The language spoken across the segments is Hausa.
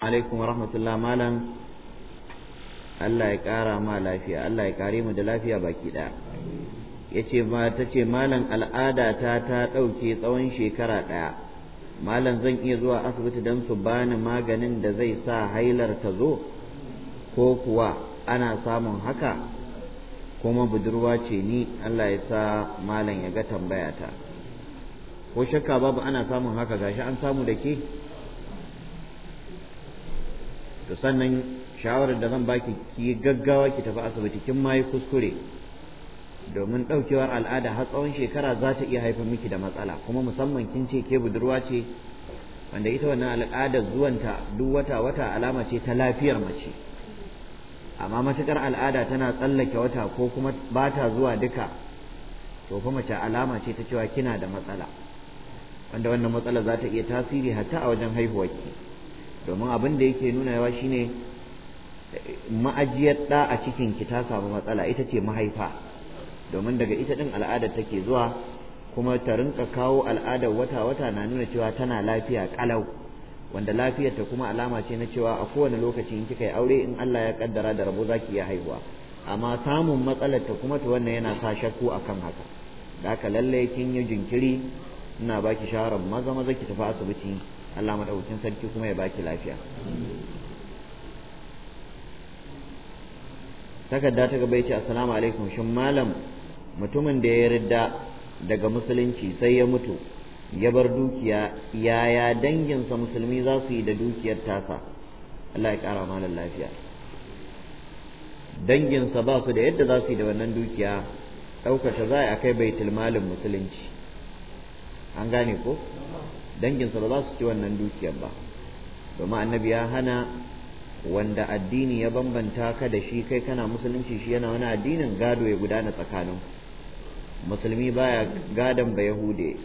alaikum rahmatullah malam Allah ya ƙara ma lafiya Allah ya kare mu da lafiya baki ɗaya ya ce ma ta ce malam al'ada ta ta ɗauke tsawon shekara ɗaya malam zan iya zuwa asibiti don su bani maganin da zai sa hailar ta zo ko kuwa ana samun haka kuma budurwa ce ni Allah ya sa malam ya ga tambayata ko shakka babu ana samun haka gashi an samu da ke to sannan shawarar da zan baki ki gaggawa ki tafi asibiti kin mai kuskure domin ɗaukewar al'ada har tsawon shekara za ta iya haifar miki da matsala kuma musamman kin ce ke budurwa ce wanda ita wannan al'adar zuwanta duk wata wata alama ce ta lafiyar mace amma matukar al'ada tana tsallake wata ko kuma ba ta zuwa duka to fa mace alama ce ta cewa kina da matsala wanda wannan matsala za ta iya tasiri hatta a wajen ki. domin abin da yake nuna nunawa shine ma'ajiyar ɗa a cikin ki ta samu matsala ita ce mahaifa domin daga ita ɗin al'adar take zuwa kuma ta rinka kawo al'adar wata-wata na nuna cewa tana lafiya ƙalau wanda lafiyarta kuma alama ce na cewa a kowane lokaci in kika yi aure in Allah ya kaddara da rabo zaki iya haihuwa amma samun matsalar ta kuma ta wannan yana sa shakku akan haka da haka lallai kin yi jinkiri ina baki shawarar maza maza ki tafi asibiti Allah maɗaukin sarki kuma ya baki lafiya takarda ta gaba yace assalamu alaikum shin malam mutumin da ya ridda daga musulunci sai ya mutu ya bar dukiya yaya danginsa musulmi za su yi da dukiyar tasa Allah ya kara malam lafiya danginsa ba su da yadda za su yi da wannan dukiya ɗaukata za a kai baitul malin musulunci an gane ko danginsa ba za su ci wannan dukiyar ba domin annabi ya hana wanda addini ya bambanta ka da shi kai kana musulunci shi yana wani addinin gado ya gudana tsakanin musulmi baya gadon ba yahude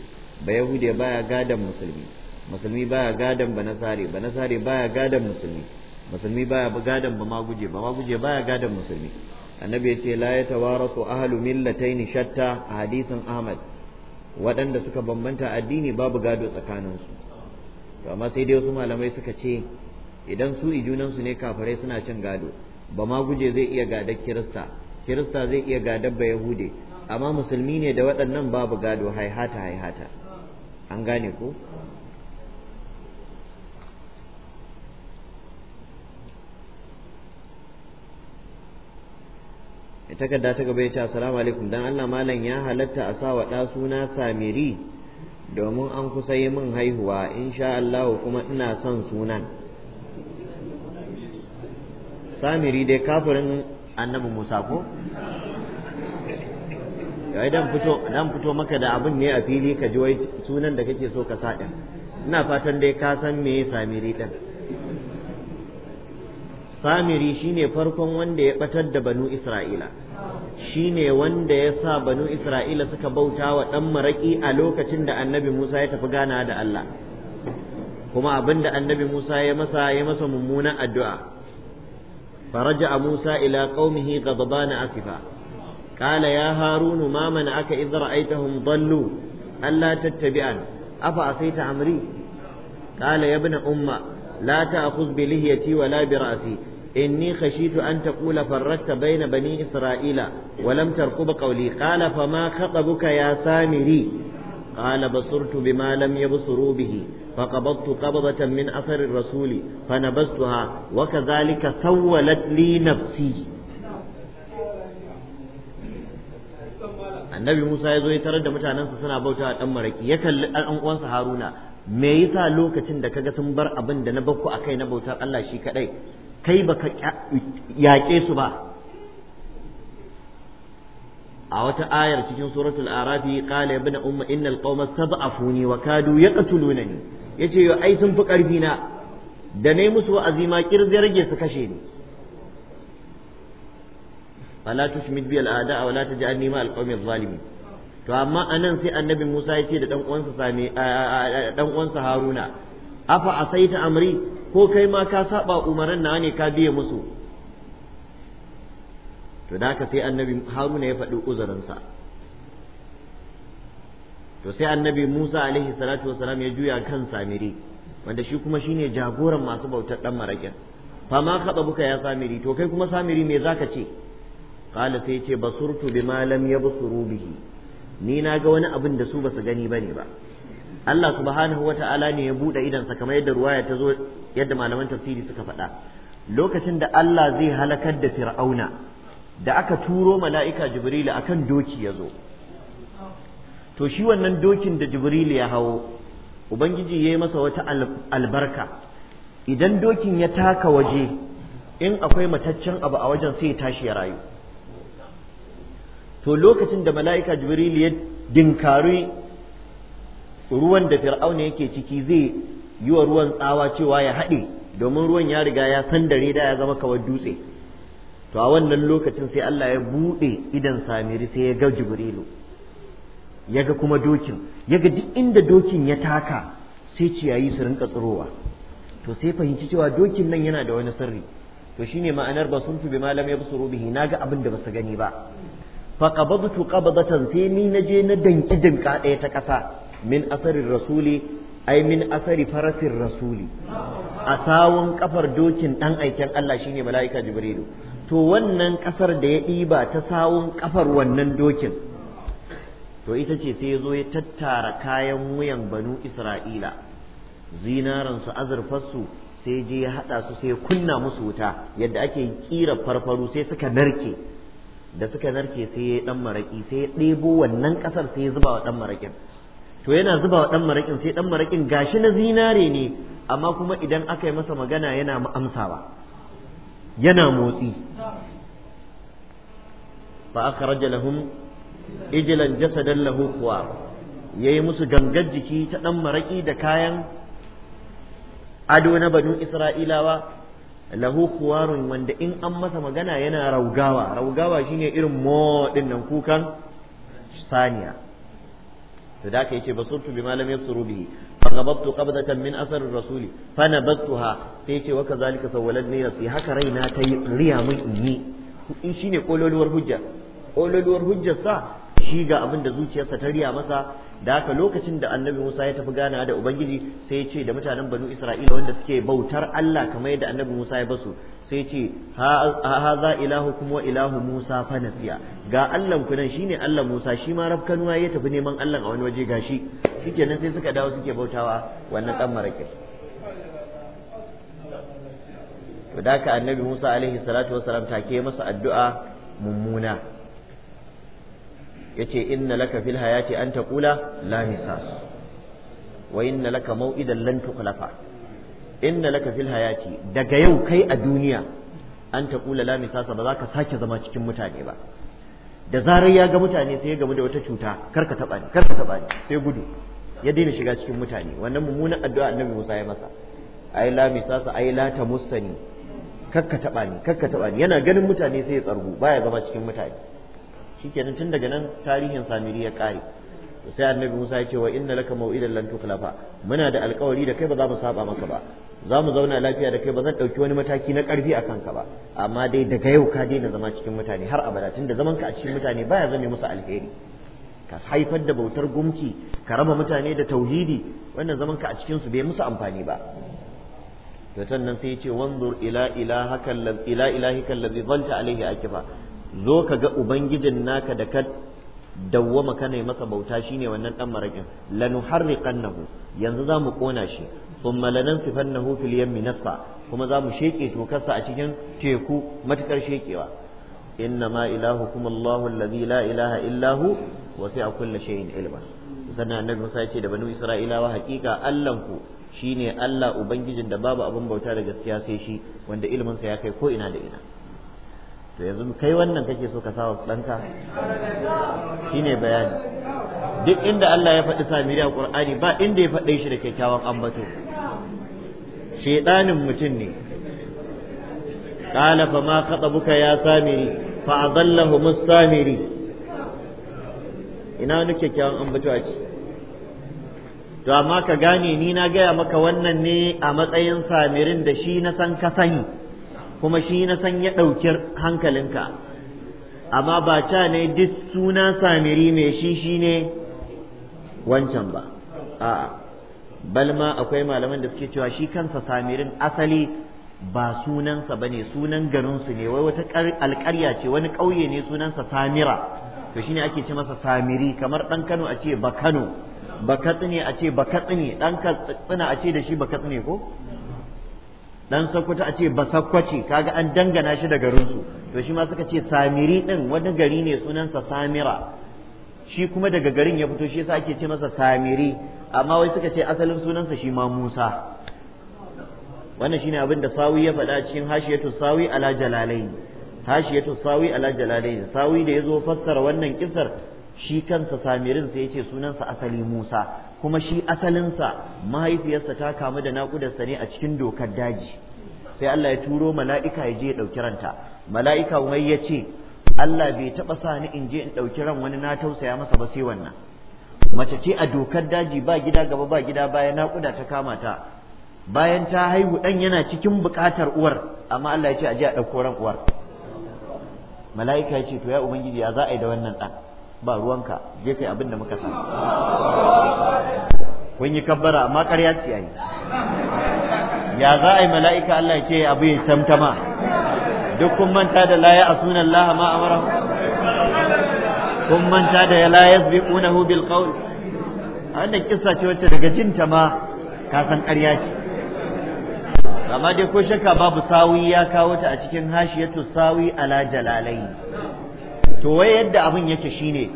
ba yahude baya gadon musulmi musulmi baya gadon ba nasare ba nasare baya gadon musulmi musulmi baya gadon ba maguje ba maguje baya gadon musulmi annabi ya ce la yatawarasu ahlu millatayn shatta a hadisin ahmad waɗanda suka bambanta addini babu gado tsakaninsu to amma sai dai wasu malamai suka ce idan su junansu ne kafirai suna cin gado ba ma guje zai iya gadar kirista kirista zai iya gadar ba yahude amma musulmi ne da waɗannan babu gado haihata haihata an gane ko kadda ta gaba ya ce assalamu alaikum dan Allah malam ya halatta a sa wa ɗa suna samiri domin an kusa yi min haihuwa insha Allah kuma ina son sunan samiri dai kafirin annabi Musa ko Ya dan fito dan fito maka da abin ne a fili ka ji wai sunan da kake so ka sa din ina fatan dai ka san me samiri din samiri shine farkon wanda ya batar da banu isra'ila shi ne wanda ya sa banu isra'ila suka bauta wa ɗan maraƙi a lokacin da annabi musa ya tafi ganawa da allah kuma abin da annabi musa ya masa ya masa mummunan addu’a faraja a musa ila ƙaumihi ga baba na asifa ƙala ya harunu mamana aka izra aita hun ballu allah tattabi afa a sai amri ƙala ya umma la ta akuz bi lihiyati wa la bi إني خشيت أن تقول فرقت بين بني إسرائيل ولم ترقب قولي قال فما خطبك يا سامري قال بصرت بما لم يبصروا به فقبضت قبضة من أثر الرسول فنبذتها وكذلك سولت لي نفسي annabi Musa ya zo ya tarar da mutanensa suna bauta dan maraki ya kalli ɗan uwansa Haruna me yasa lokacin da kaga sun bar abin da na bakku akai na bautar Allah shi kadai kai baka yaƙe su ba a wata ayar cikin suratul arafi qala ibn umma innal qauma sab'afuni wa kadu yaqtulunani yace yo ai sun fi karfi na da nai musu wa'azi ma kirzi rage su kashe ni fala tushmid bi al a'da wa la taj'alni ma al qaumi zalimin to amma anan sai annabi Musa yace da dan uwansa sami dan uwansa Haruna afa asaita amri ko kai ma ka saba umaran na ne ka biye musu to da haka sai annabi haruna ya faɗi uzurinsa to sai annabi musa alaihi salatu wasalam ya juya kan samiri wanda shi kuma shine jagoran masu bautar dan maraƙin fama kaɗa buka ya samiri to kai kuma samiri me zaka ce qala sai ce basurtu bima lam yabsuru bihi ni na ga wani abin da su basu gani bane ba Allah subhanahu wata'ala ne ya bude idansa kamar yadda ruwaya ta zo yadda malaman tafsiri suka faɗa lokacin da Allah zai halakar da fir'auna da aka turo mala'ika jibrilu akan doki ya zo to shi wannan dokin da jibrilu ya hawo ubangiji ya yi masa wata albarka idan dokin ya taka waje in akwai mataccen abu a wajen sai ya tashi ya rayu to lokacin da mala'ika jibrilu ya dinkari ruwan da fir'auna yake ciki zai yi wa ruwan tsawa cewa ya haɗe domin ruwan ya riga ya san da ya zama kawar dutse to a wannan lokacin sai Allah ya buɗe idan samiri sai ya ga jibrilu ya ga kuma dokin ya ga duk inda dokin ya taka sai ciyayi su rinka tsirowa to sai fahimci cewa dokin nan yana da wani sirri to shine ma'anar ba sun fi bi malam ya busuru bihi naga abin da basu gani ba fa qabadtu qabadatan sai ni naje na danki dinka ɗaya ta ƙasa min asarin rasuli ai min asari farasin rasuli a sawun kafar dokin dan aiken Allah shine mala'ika jibrilu to wannan kasar da ya ɗiba ta sawun kafar wannan dokin to ita ce sai ya zo ya tattara kayan wuyan banu isra'ila Zinaran su azurfarsu sai je ya haɗa su sai ya kunna musu wuta yadda ake kira farfaru sai suka narke da suka narke sai ya ɗan maraƙi sai ya ɗebo wannan kasar sai ya zuba wa ɗan maraƙin to yana zuba wa dan marakin sai dan marakin gashi na zinare ne amma kuma idan aka yi masa magana yana amsawa yana motsi fa akhraja lahum ijlan jasadan lahu kuwa yayi musu gangar jiki ta dan maraƙi da kayan ado na banu isra'ilawa lahu kuwarun wanda in an masa magana yana raugawa raugawa shine irin mo nan kukan saniya to da ka yace basurtu bima lam yasuru bihi fa gabattu qabdatan min asar rasuli fa nabattuha sai yace wa kazalika sawwaladni nafsi haka raina ta riya mun in yi in shine kololuwar hujja kololuwar hujjar sa shi ga abin da zuciyarsa ta riya masa da haka lokacin da annabi Musa ya tafi gana da Ubangiji sai ya ce da mutanen Banu Isra'ila wanda suke bautar Allah kamar yadda annabi Musa ya basu sai ce haza ilahu kuma ilahu Musa fa nasiya ga Allah ku nan shine Allah Musa shi ma rafkanuwa ya tafi neman Allah a wani waje gashi nan sai suka dawo suke bautawa wannan dan maraki to da ka annabi Musa alaihi salatu wassalam take masa addu'a mummuna yace inna laka fil hayati an taqula la misas wa inna laka maw'idan lan tukhlafa inna laka fil hayati daga yau kai a duniya an taqula la misasa ba za ka sake zama cikin mutane ba da zarar ya ga mutane sai ya gamu da wata cuta karka taba ni karka taba ni sai gudu ya daina shiga cikin mutane wannan mummunan addu'a annabi Musa ya masa ai la misasa ai la Kar karka taba ni karka taba ni yana ganin mutane sai ya tsargu baya zama cikin mutane shikenan tun daga nan tarihin Samiri ya kare sai annabi Musa ya ce wa inna laka mau'idan lan tuklafa muna da alƙawari da kai ba za mu saba maka ba za mu zauna lafiya da kai ba zan ɗauki wani mataki na ƙarfi a kanka ba amma dai daga yau ka daina zama cikin mutane har abada tunda zaman ka a cikin mutane baya zame musu alheri ka haifar da bautar gumki ka raba mutane da tauhidi wannan zaman ka a cikin su bai musu amfani ba to nan sai ya ce wanzur ila ilahaka ila ilahika allazi zalta alaihi akifa zo ka ga ubangijin naka da ka dawwama kana masa bauta shine wannan dan marakin lanuharriqannahu yanzu za mu kona shi thumma sifan fil yammi nasfa kuma za mu sheke tokarsa a cikin teku matukar shekewa inna ma ilahukum Allahu alladhi la ilaha illa hu wasi'a shay'in ilma sannan annabi Musa ya ce da banu Isra'ilawa hakika Allahnku shine Allah ubangijin da babu abin bauta da gaskiya sai shi wanda ilimin ya kai ko ina da ina to yanzu kai wannan kake so ka sawa ɗanka ne bayani duk inda Allah ya faɗi samiri a Qur'ani ba inda ya faɗe shi da kyakkyawan ambato shedanin mutum ne qala fa ma buka ya samiri fa adallahu musamiri ina wani kyakkyawan ambato a ci to amma ka gane ni na gaya maka wannan ne a matsayin samirin da shi na san ka sani kuma shi na san ya ɗauki hankalinka amma ba ta ne duk suna samiri mai shi shi ne wancan ba a'a bal ma akwai malaman da suke cewa shi kansa samirin asali ba sunansa bane sunan garinsu ne wai wata alƙarya ce wani ƙauye ne sunansa samira to shine ake ce masa samiri kamar ɗan kano a ce ba kano ba katsine a ce ba katsine ɗan katsina a ce da shi ba katsine ko ɗan Sakkwata a ce ba sakkwace kaga an dangana shi da garinsu to shi ma suka ce samiri ɗin wani gari ne sunansa samira shi kuma daga garin ya fito shi yasa ake ce masa samiri amma wai suka ce asalin sunansa shi ma Musa wannan shine abin da sawi ya faɗa cikin hashiyatu sawi ala jalalain hashiyatu sawi ala jalalain sawi da yazo fassara wannan kisar shi kansa samirin sai ce sunansa asali Musa kuma shi asalinsa mahaifiyarsa ta kamu da sa ne a cikin dokar daji sai Allah ya turo mala'ika ya je ya ɗauki ranta mala'ika wai ya ce Allah bai taɓa sa ni in je in ɗauki ran wani na tausaya masa ba sai wannan mace ce a dokar daji ba gida gaba ba gida baya naƙuda ta kama ta bayan ta haihu ɗan yana cikin buƙatar uwar amma Allah ya ce a je a ɗauko ran uwar mala'ika ya ce to ya ubangiji ya za a yi da wannan ɗan ba ruwanka je kai abin da muka sani kun yi kabbara amma ƙarya ce ai ya za a yi mala'ika Allah ya ce abu ya samtama duk kun manta da la ya sunan Allah ma amara kun manta da ya la yasbiqunahu bil a wannan kisa ce wacce daga jinta ma kasan karya ƙarya ce amma dai ko shakka babu sawi ya kawo ta a cikin hashiyatu sawi ala jalalai to wai yadda abin yake shine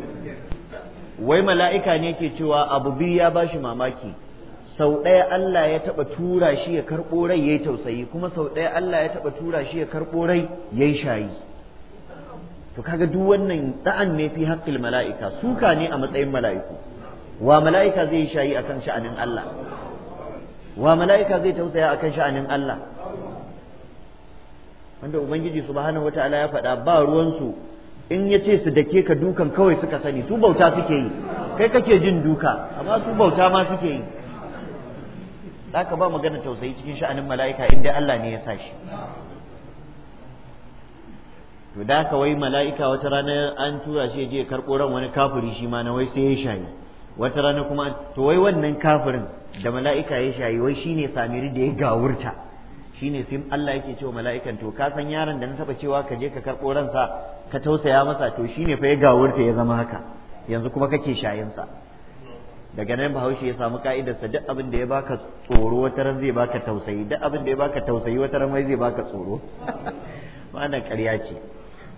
wai mala'ika ne ke cewa abu biyu ya bashi mamaki sau ɗaya Allah ya taɓa tura shi ya karɓo rai ya yi tausayi kuma sau ɗaya Allah ya taɓa tura shi ya karɓo rai ya yi shayi to kaga duk wannan da'an ne fi haqqil mala'ika suka ne a matsayin mala'iku wa mala'ika zai shayi akan sha'anin Allah wa mala'ika zai tausaya akan sha'anin Allah wanda ubangiji subhanahu wataala ya faɗa ba su in ya ce su dake ka dukan kawai suka sani su bauta suke yi kai kake jin duka amma su bauta ma suke yi zaka ba magana tausayi cikin sha'anin mala'ika inda Allah ne ya sa shi to da ka wai mala'ika wata rana an tura shi je karɓo ran wani kafiri shi ma na wai sai ya shayi wata rana kuma to wai wannan kafirin da mala'ika ya shayi wai shine samiri da ya gawurta shine sai Allah yake cewa mala'ikan to ka san yaron da na taba cewa ka je ka karɓo ransa ka tausaya masa to shine fa ya gawurta ya zama haka yanzu kuma kake shayinsa daga nan bahaushe ya samu ka'idarsa duk abin da ya baka tsoro wata ran zai baka tausayi duk abin da ya baka tausayi wata ran zai baka tsoro ma'ana ƙarya ce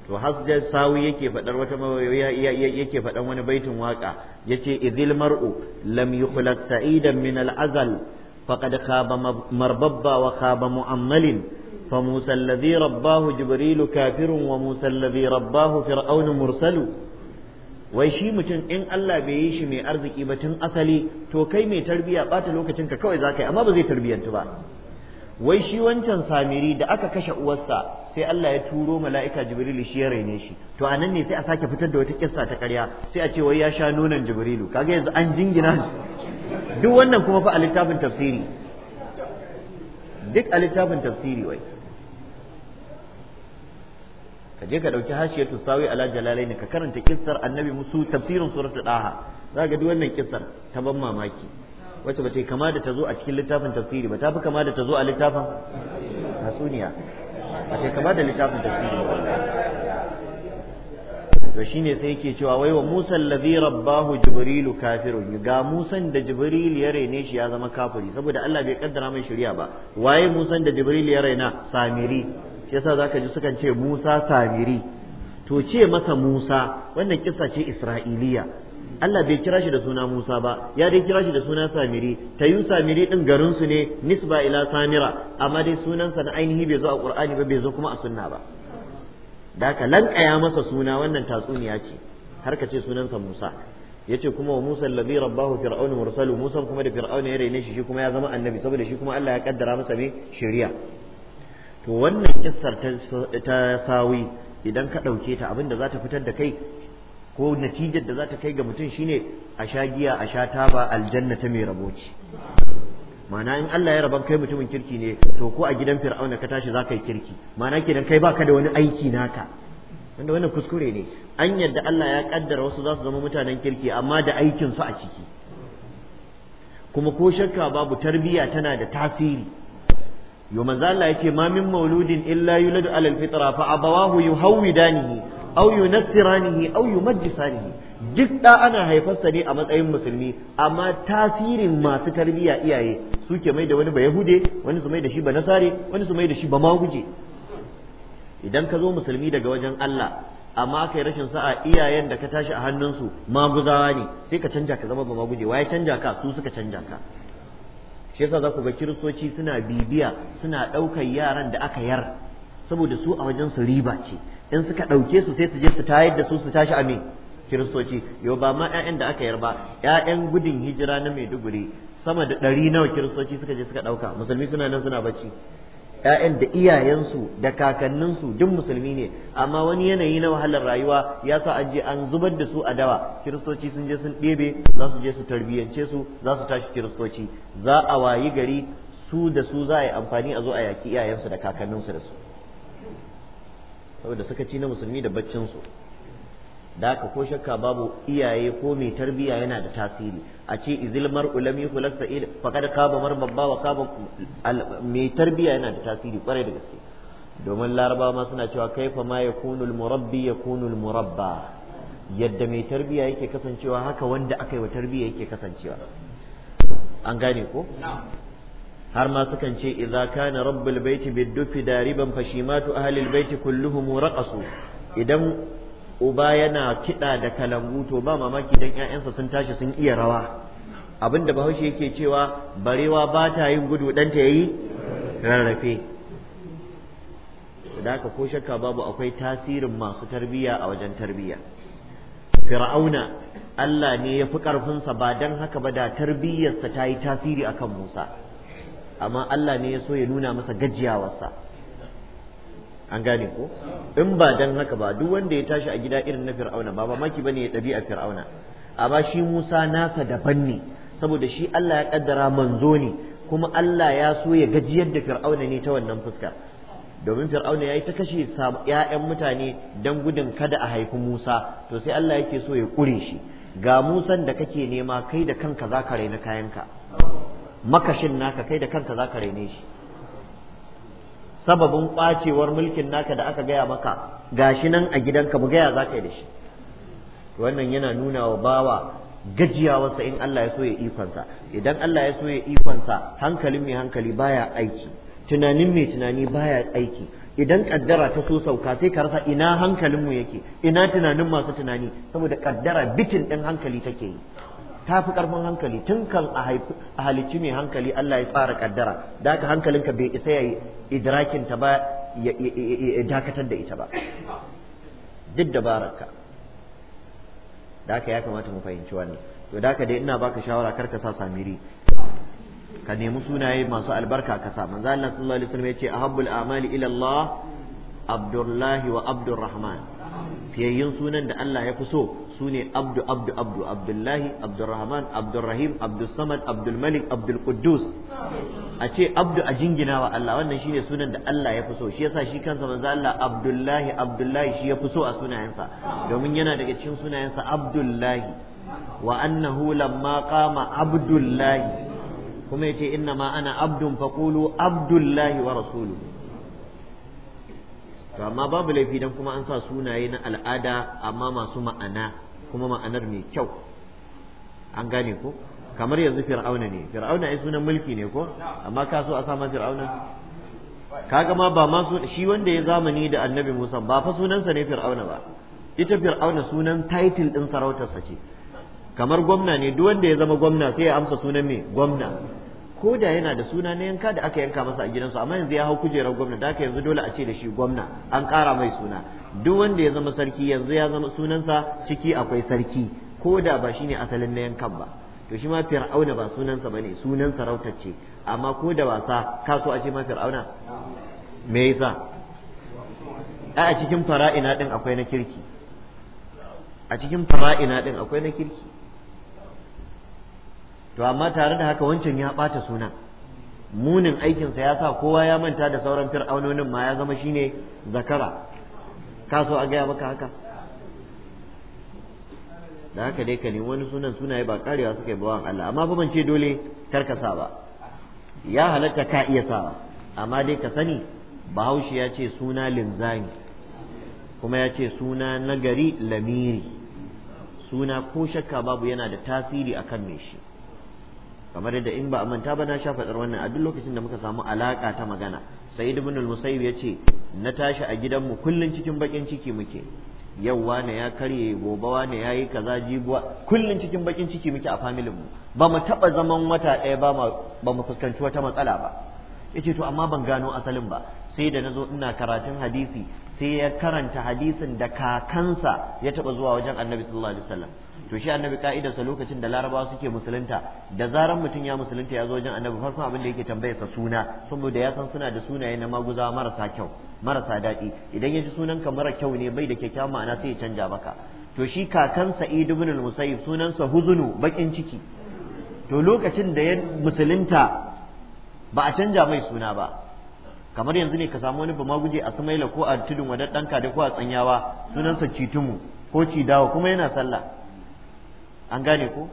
to hasjar sawi yake faɗar wata yake faɗan wani baitin waka yace idhil mar'u lam yukhlaq sa'idan min al-azal faqad khaba marbabba wa khaba mu'ammalin fa musa alladhi rabbahu jibril kafirun wa musa alladhi rabbahu fir'aun mursalu wai shi mutum in Allah bai yi shi mai arziki ba tun asali to kai mai tarbiya bata lokacin ka kawai zaka yi amma ba zai tarbiyantu ba wai shi wancan samiri da aka kashe uwarsa sai Allah ya turo mala'ika Jibrilu shi ya raine shi to anan ne sai a sake fitar da wata kissa ta ƙarya sai a ce wai ya sha nonon Jibrilu kaga yanzu an jingina duk wannan kuma fa a littafin tafsiri duk a littafin tafsiri wai ka je ka ɗauki hashiyatu sawi ala ne ka karanta kissar annabi musu tafsirin suratul daha za ga duk wannan kissar ta ban mamaki wacce bace kama da tazo a cikin littafin tafsiri ba ta fi kama da tazo a littafin hasuniya ba ta kama da littafin tafsiri ba to shine sai yake cewa wai wa Musa allazi rabbahu Jibril kafirun ga Musa da Jibril ya rene shi ya zama kafiri saboda Allah bai kaddara mai shari'a ba waye Musa da Jibril ya raina Samiri shi yasa zaka ji sukan ce Musa Samiri to ce masa Musa wannan kissa ce Isra'iliya Allah bai kira shi da suna Musa ba ya dai kira shi da suna Samiri ta yi Samiri din garin su ne nisba ila Samira amma dai sunansa na ainihi bai zo a Qur'ani ba bai zo kuma a sunna ba da ka lankaya masa suna wannan tatsuniya ce har ka ce sunansa Musa yace kuma wa Musa allazi rabbahu fir'aun mursalu Musa kuma da fir'aun ya raine shi shi kuma ya zama annabi saboda shi kuma Allah ya kaddara masa ne shari'a to wannan kissar ta sawi idan ka dauke ta abinda za ta fitar da kai ko natijar da za ta kai ga mutum shine a sha giya a sha taba aljanna ta mai rabo ce ma'ana in Allah ya raban kai mutumin kirki ne to ko a gidan fir'auna ka tashi za ka yi kirki ma'ana kenan kai baka da wani aiki naka wanda wannan kuskure ne an yadda Allah ya kaddara wasu za su zama mutanen kirki amma da aikin su a ciki kuma ko shakka babu tarbiyya tana da tasiri yo manzo Allah yace ma min mauludin illa yuladu alal fitra fa abawahu yuhawidanihi aw yunassiranihi aw yumajjisanihi duk da ana haifarsa ne a matsayin musulmi amma tasirin masu tarbiyya iyaye suke mai da wani ba yahude wani su mai da shi ba nasare wani su mai da shi ba maguje idan ka zo musulmi daga wajen Allah amma kai rashin sa'a iyayen da ka tashi a hannunsu maguzawa ne sai ka canja ka zama ba maguje waye canja ka su suka canja ka shi yasa za ku ga kiristoci suna bibiya suna ɗaukar yaran da aka yar saboda su a wajen su riba ce in suka ɗauke su sai su je su tayar da su su tashi a me kiristoci yau ba ma 'ya'yan da aka yarba 'ya'yan gudun hijira na maiduguri sama da ɗari nawa kiristoci suka je suka ɗauka musulmi suna nan suna bacci ‘ya'yan da iyayensu da kakanninsu duk musulmi ne amma wani yanayi na wahalar rayuwa ya sa an je an zubar da su a dawa kiristoci sun je sun ɗebe za su je su tarbiyyance su za su tashi kiristoci za a wayi gari su da su za a yi amfani a zo a yaƙi iyayensu da kakanninsu da su saboda sakaci na musulmi da baccinsu, da haka ko shakka babu iyaye ko mai tarbiyya yana da tasiri a ce izil mar'u lam yuflak sa'il faqad kaba babba wa kaba mai tarbiyya yana da tasiri kwarai da gaske domin laraba ma suna cewa kaifa ma yakunu al-murabbi yakunu al-murabba yadda mai tarbiya yake kasancewa haka wanda aka yi wa tarbiyya yake kasancewa an gane ko har ma sukan ce idza kana rabbul baiti biddufi dariban fashimatu ahlil baiti kulluhum raqasu idan uba yana kiɗa da kalangu to ba mamaki dan ƴaƴansa sun tashi sun iya rawa abinda bahaushe yake cewa barewa ba ta yin gudu ta yi, rarrafe da haka ko shakka babu akwai tasirin masu tarbiyya a wajen tarbiyya fir'auna Allah ne ya fi ƙarfinsa ba don haka ba da tarbiyyarsa ta yi tasiri akan Musa amma Allah ne ya so ya nuna masa gajiyawarsa an gane ko in ba dan haka ba duk wanda ya tashi a gida irin na fir'auna ba maki bane ya ɗabi'a fir'auna amma shi Musa nasa daban ne saboda shi Allah ya kaddara manzo ne kuma Allah ya so ya gajiyar da fir'auna ne ta wannan fuska domin fir'auna ya yi ta kashe ‘ya'yan mutane dan gudun kada a haifi Musa to sai Allah yake so ya kure shi ga Musan da kake nema kai da kanka za ka raina kayanka makashin naka kai da kanka zaka raine shi sababin kwacewar mulkin naka da aka gaya maka gashi nan a gidanka mu gaya zaka yi da shi wannan yana nuna wa bawa gajiyawarsa in Allah ya so ya ikonsa idan Allah ya so ya ikonsa hankalin mai hankali baya aiki tunanin mai tunani baya aiki idan kaddara ta so sauka sai ka rasa ina hankalinmu yake ina tunanin masu tunani saboda kaddara bikin ɗin hankali take yi ta fi ƙarfin hankali tun kan a halicci mai hankali Allah ya tsara kaddara da haka hankalinka bai isa ya idrakin ta ba ya dakatar da ita ba duk dabararka da aka ya kamata mu fahimci wannan to da haka dai ina baka shawara kar ka sa samiri ka nemi sunaye masu albarka ka sa manzo Allah sallallahu alaihi wasallam ya ce ahabbul amali ila Allah Abdullahi wa Abdurrahman fiyayyun sunan da Allah ya fi so su ne abdu abdu abdu abdullahi abdurrahman abdurrahim abdulsamad abdulmalik abdulquddus a ce abdu a jingina wa Allah wannan shine sunan da Allah ya fi so shi yasa shi kansa manzo Allah abdullahi abdullahi shi ya fi so a sunayensa domin yana daga cikin sunayensa abdullahi wa annahu lamma qama abdullahi kuma yace inna ma ana abdun faqulu abdullahi wa rasuluhu to amma babu laifi dan kuma an sa sunaye na al'ada amma masu ma'ana kuma ma'anar mai kyau an gane ko kamar yanzu fir'auna ne fir'auna ai sunan mulki ne ko amma ka so a sama fir'auna kaga ma ba ma shi wanda ya zamani da annabi Musa ba fa sunansa ne fir'auna ba ita fir'auna sunan title din sarautarsa ce kamar gwamna ne duk wanda ya zama gwamna sai ya amsa sunan me gwamna ko da yana da suna na yanka da aka yanka masa a gidansu amma yanzu ya hau kujerar gwamna da aka yanzu dole a ce da shi gwamna an ƙara mai suna duk wanda ya zama sarki yanzu ya zama sunansa ciki akwai sarki ko da ba ne asalin na yankan ba to shi ma fir'auna ba sunansa ne sunan sarautar ce amma ko da wasa ka so a ce ma fir'auna me yasa a cikin fara'ina din akwai na kirki a cikin fara'ina din akwai na kirki to amma tare da haka wancan ya ɓata suna munin aikinsa ya sa kowa ya manta da sauran fir'aunonin ma ya zama shine zakara ka so a gaya maka haka da haka dai ka ne wani sunan suna sunaye ba karewa suka yi bawan Allah amma fa ce dole karkasa ba ya halatta ka iya sa. amma dai ka sani bahaushe ya ce suna linzami kuma ya ce suna nagari lamiri suna ko shakka babu yana da tasiri akan mai shi kamar yadda in ba a manta ba na sha faɗar wannan a duk lokacin da muka samu alaƙa ta magana sayyid ibn al-musayyib yace na tashi a gidanmu kullun cikin bakin ciki muke yau wane ya karye gobe wane ya yi kaza jibuwa kullun cikin bakin ciki muke a familin mu ba mu taɓa zaman wata ɗaya ba ba mu fuskanci wata matsala ba yace to amma ban gano asalin ba sai da nazo ina karatun hadisi sai ya karanta hadisin da kakansa ya taba zuwa wajen annabi sallallahu alaihi wasallam to shi annabi ka'idarsa lokacin da larabawa suke musulunta da zaran mutum ya musulunta ya zo wajen annabi farkon abin da yake tambayarsa suna saboda ya san suna da sunaye na maguza marasa kyau marasa daɗi idan ya ji sunanka mara kyau ne bai da kyakkyawan ma'ana sai ya canja maka to shi kakan sa'id ibn al sunansa huzunu bakin ciki to lokacin da ya musulunta ba a canja mai suna ba kamar yanzu ne ka samu wani bama guje a samaila ko a tudun wadat ɗan kada ko a tsanyawa sunansa citumu ko cidawa kuma yana sallah an gane ko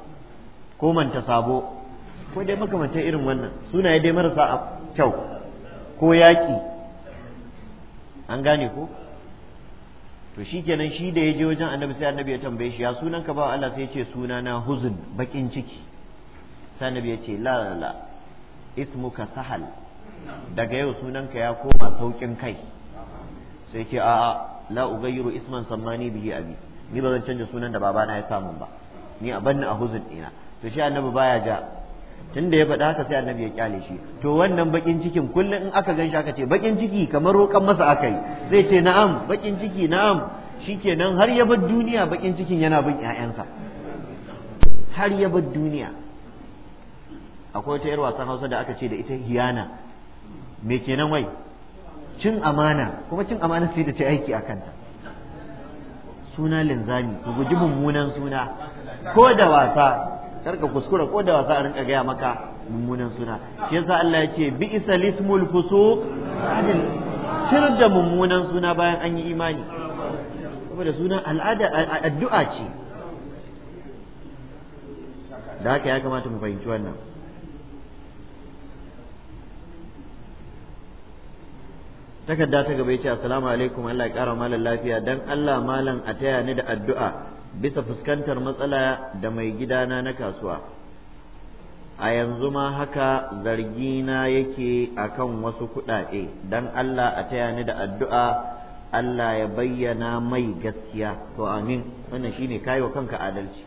ko manta sabo ko dai makamantar irin wannan sunaye dai marasa kyau ko yaki. an gane ko to shikenan shi da ya je wajen annabi sai annabi ya tambaye shi ya sunan ka ba Allah sai ya ce suna na huzun bakin ciki sai annabi ya ce la la la ismuka sahal daga yau sunanka ya koma saukin kai sai ke a la ugayru isman sammani bihi abi ni ba zan canja sunan da babana ya samu ba ni a banna a huzun to shi annabi baya ja tunda ya faɗa haka sai annabi ya kyale shi to wannan bakin cikin kullum in aka gan aka ce bakin ciki kamar roƙan masa aka yi zai ce na'am bakin ciki na'am shikenan har ya bar duniya bakin cikin yana bin ƴaƴansa har ya bar duniya akwai ta yar wasan Hausa da aka ce da ita hiyana me kenan wai cin amana kuma cin amana sai da ta aiki a kanta suna linzami ku guji mummunan suna ko da wasa karka kuskura ko da wasa a rinka gaya maka mummunan suna shi yasa Allah ya ce bi isa lismul fusuq da mummunan suna bayan an yi imani saboda suna al'ada addu'a ce da haka ya kamata mu fahimci wannan takarda ta gaba yace assalamu alaikum Allah ya kara malam lafiya dan Allah malam a taya ni da addu'a bisa fuskantar matsala da mai gidana na kasuwa a yanzu ma haka zargi zargina yake akan wasu kuɗaɗe dan Allah a taya ni da addu'a Allah ya bayyana mai gaskiya to amin wannan shine kai wa kanka adalci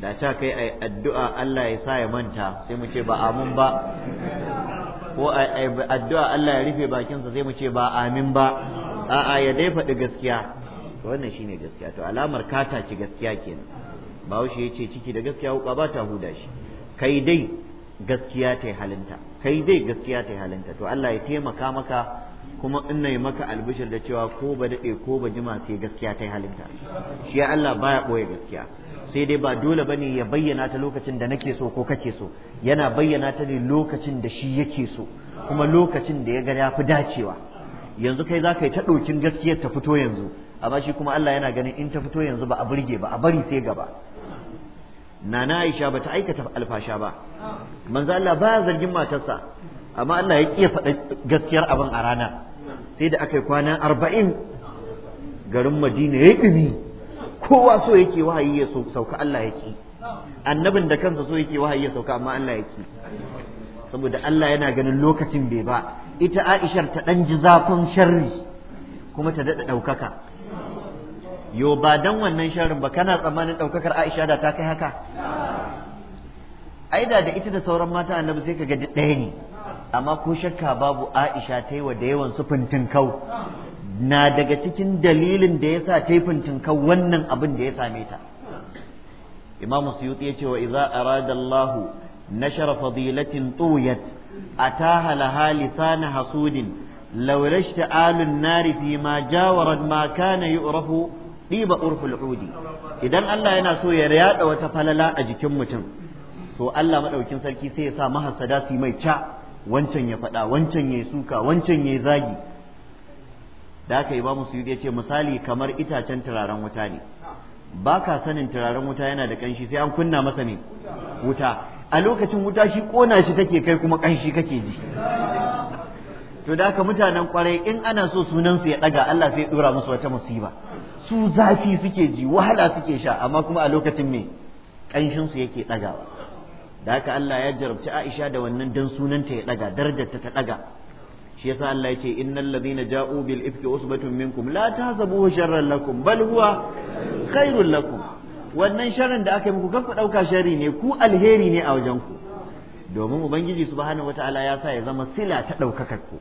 da ta kai ai addu'a Allah ya sa ya manta sai mu ce ba amin ba ko addu'a Allah ya rufe bakinsa sai mu ce ba amin ba a'a ya dai faɗi gaskiya wannan shine gaskiya to alamar kata ci gaskiya kenan bahaushe ya ce ciki da gaskiya wuka ba ta huda shi kai dai gaskiya ta halinta kai dai gaskiya ta halinta to Allah ya taimaka maka kuma in yi maka albishir da cewa ko ba daɗe ko ba jima sai gaskiya ta halinta shi Allah baya ɓoye gaskiya sai dai ba dole bane ya bayyana ta lokacin da nake so ko kake so yana bayyana ta ne lokacin da shi yake so kuma lokacin da ya ga ya fi dacewa yanzu kai za ka yi ta ɗokin gaskiyar ta fito yanzu amma shi kuma Allah yana ganin in ta fito yanzu ba a burge ba a bari sai gaba nana Aisha ba ta aikata alfasha ba manzo Allah ba zargin matarsa amma Allah ya kiya faɗa gaskiyar abin a rana sai da aka yi kwana arba'in garin Madina ya ɗumi kowa so yake wahayi ya sauka Allah ya annabin da kansa so yake wahayi ya sauka amma Allah ya saboda Allah yana ganin lokacin bai ba ita Aishar ta dan ji zafin sharri kuma ta dada daukaka yo ba dan wannan sharrin ba kana tsammanin daukakar Aisha da ta kai haka aida da ita da sauran mata annabi sai ka ga ɗaya ne amma ko shakka babu Aisha ta yi wa da yawan su kau na daga cikin dalilin da ya sa taifin fintinkan wannan abin da ya same ta imam suyuti ya ce wa idza arada allah nashara fadilatin tuyat ataha laha lisana hasudin law rashta alun nari fi ma jawarat ma kana yu'rafu diba urful udi idan Allah yana so ya yada wata falala a jikin mutum to Allah madaukin sarki sai ya sa mahasada su mai ca wancan ya faɗa wancan ya suka wancan ya zagi da yi ba musu ya ce misali kamar itacen turaren wuta ne ba ka sanin turaren wuta yana da kanshi sai an kunna masa ne wuta a lokacin wuta shi kona shi take kai kuma kanshi kake ji to da aka mutanen kwarai in ana so sunansu ya daga Allah sai ya dora musu wata musiba su zafi suke ji wahala suke sha amma kuma a lokacin me kanshin yake dagawa da aka Allah ya jarabci Aisha da wannan dan sunanta ya daga darajarta ta daga shi yasa Allah yake innal ladhina ja'u bil ifki usbatun minkum la tahsabuhu sharran lakum bal huwa khairul lakum wannan sharrin da aka yi muku kan ku dauka sharri ne ku alheri ne a wajen ku domin ubangiji subhanahu wataala ya sa ya zama sila ta daukakar ku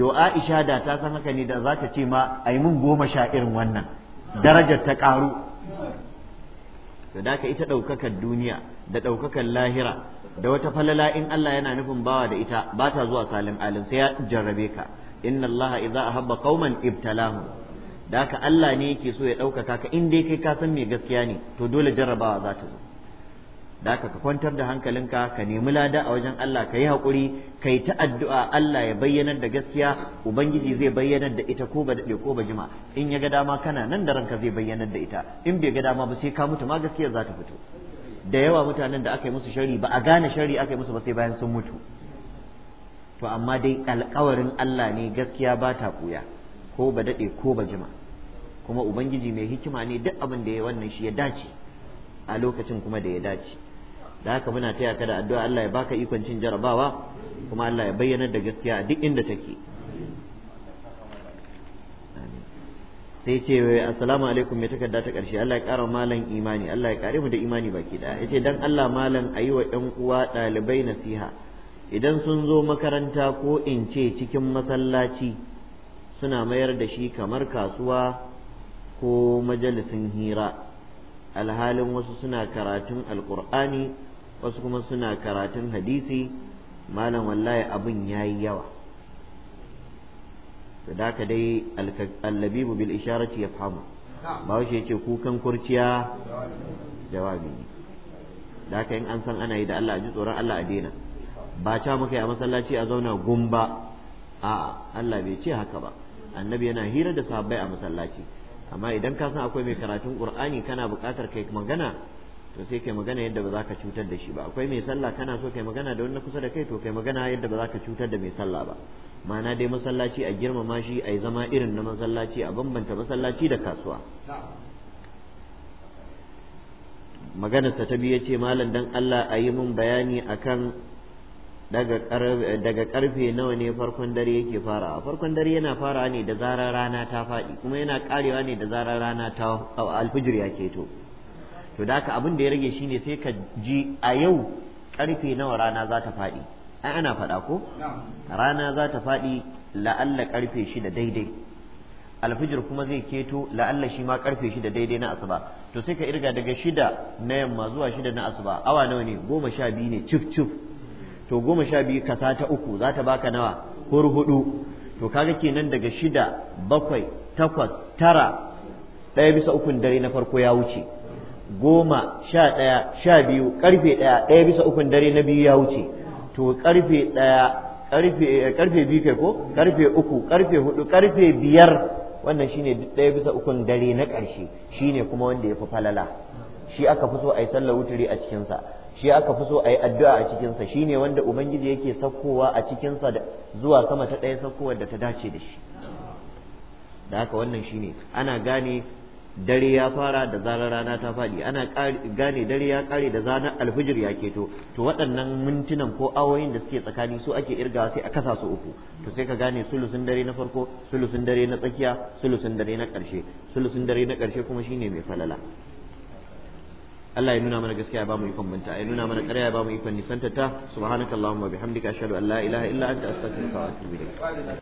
yo Aisha da ta san haka ne da zata ce ma ai mun goma sha irin wannan darajar ta karu da da ita ɗaukakar duniya da ɗaukakar lahira da wata falala in Allah yana nufin bawa da ita ba ta zuwa salim alim sai ya jarrabe ka inna Allah idza ahabba qauman ibtalahu da haka Allah ne yake so ya ɗaukaka ka in dai kai ka san me gaskiya ne to dole jarrabawa za ta zo da haka ka kwantar da hankalinka ka nemi lada a wajen Allah ka yi haƙuri ka yi ta Allah ya bayyanar da gaskiya ubangiji zai bayyanar da ita ko ba daɗe ko ba jima in ya ga dama kana nan da ranka zai bayyanar da ita in bai ga dama ba sai ka mutu ma gaskiyar za ta fito da yawa mutanen da aka yi musu shari ba a gane shari aka yi musu ba sai bayan sun mutu to amma dai alƙawarin Allah ne gaskiya ba ta ɓuya ko ba daɗe ko ba jima kuma ubangiji mai hikima ne duk abin da ya wannan shi ya dace a lokacin kuma da ya dace da haka muna taya ka da addu'a Allah ya baka ikon cin jarabawa kuma Allah ya bayyanar da gaskiya a duk inda take sai ce assalamu alaikum mai takarda ta karshe Allah ya kara malam imani Allah ya kare mu da imani baki daya yace dan Allah malam yi wa ɗan uwa ɗalibai nasiha idan sun zo makaranta ko in ce cikin masallaci suna mayar da shi kamar kasuwa ko majalisin hira alhalin wasu suna karatun alkur'ani wasu kuma suna karatun hadisi malam wallahi abin yayi yawa da ka dai allabibu bil isharati yafhamu bawashi ku kukan kurciya jawabi da ka in an san ana yi da Allah a ji tsoron Allah a daina ba ca muka yi a masallaci a zauna gumba a'a Allah bai ce haka ba annabi yana hira da sahabbai a masallaci amma idan ka san akwai mai karatun qur'ani kana buƙatar kai magana to sai kai magana yadda ba za ka cutar da shi ba akwai mai sallah kana so kai magana da wani kusa da kai to kai magana yadda ba za ka cutar da mai sallah ba mana dai masallaci a girmama shi a yi zama irin na masallaci a bambanta masallaci da kasuwa maganarsa ta biyu ce malam dan Allah a yi mun bayani akan daga karfe nawa ne farkon dare yake farawa farkon dare yana farawa ne da zarar rana ta faɗi kuma yana karewa ne da zarar rana ta alfijir ya keto to to da haka abin da ya rage shine sai ka ji a yau karfe nawa rana za ta faɗi ai ana faɗa ko rana za ta faɗi la'alla karfe da daidai alfijir kuma zai keto la'alla shi ma karfe da daidai na asuba to sai ka irga daga shida na yamma zuwa shida na asuba awa nawa ne goma sha biyu ne cif cif to goma sha biyu kasa ta uku za ta baka nawa hur hudu to kaga kenan daga shida bakwai takwas tara ɗaya bisa ukun dare na farko ya wuce goma sha ɗaya sha biyu ƙarfe ɗaya ɗaya bisa ukun dare na biyu ya wuce to ƙarfe ɗaya ƙarfe eh, biyu kai ko ƙarfe uku ƙarfe hudu ƙarfe biyar wannan shine duk ɗaya bisa ukun dare na ƙarshe shine kuma wanda ya fi falala shi aka fi so a yi sallar wuturi a cikinsa shi aka fi so a yi addu'a a cikinsa shine wanda ubangiji yake sakkowa a cikinsa zuwa sama ta ɗaya sakkowar da ta dace da shi da haka wannan shine ana gane dare ya fara da zarar rana ta faɗi ana gane dare ya ƙare da zanar alfijir ya keto to waɗannan mintunan ko awoyin da suke tsakani su ake irga sai a kasa su uku to sai ka gane sulusun dare na farko sulusun dare na tsakiya sulusun dare na ƙarshe sulusun dare na ƙarshe kuma shine mai falala Allah ya nuna mana gaskiya ya bamu ikon binta ya nuna mana ƙarya ba bamu ikon nisanta ta subhanakallahumma bihamdika ashhadu an la ilaha illa anta astaghfiruka wa atubu ilayk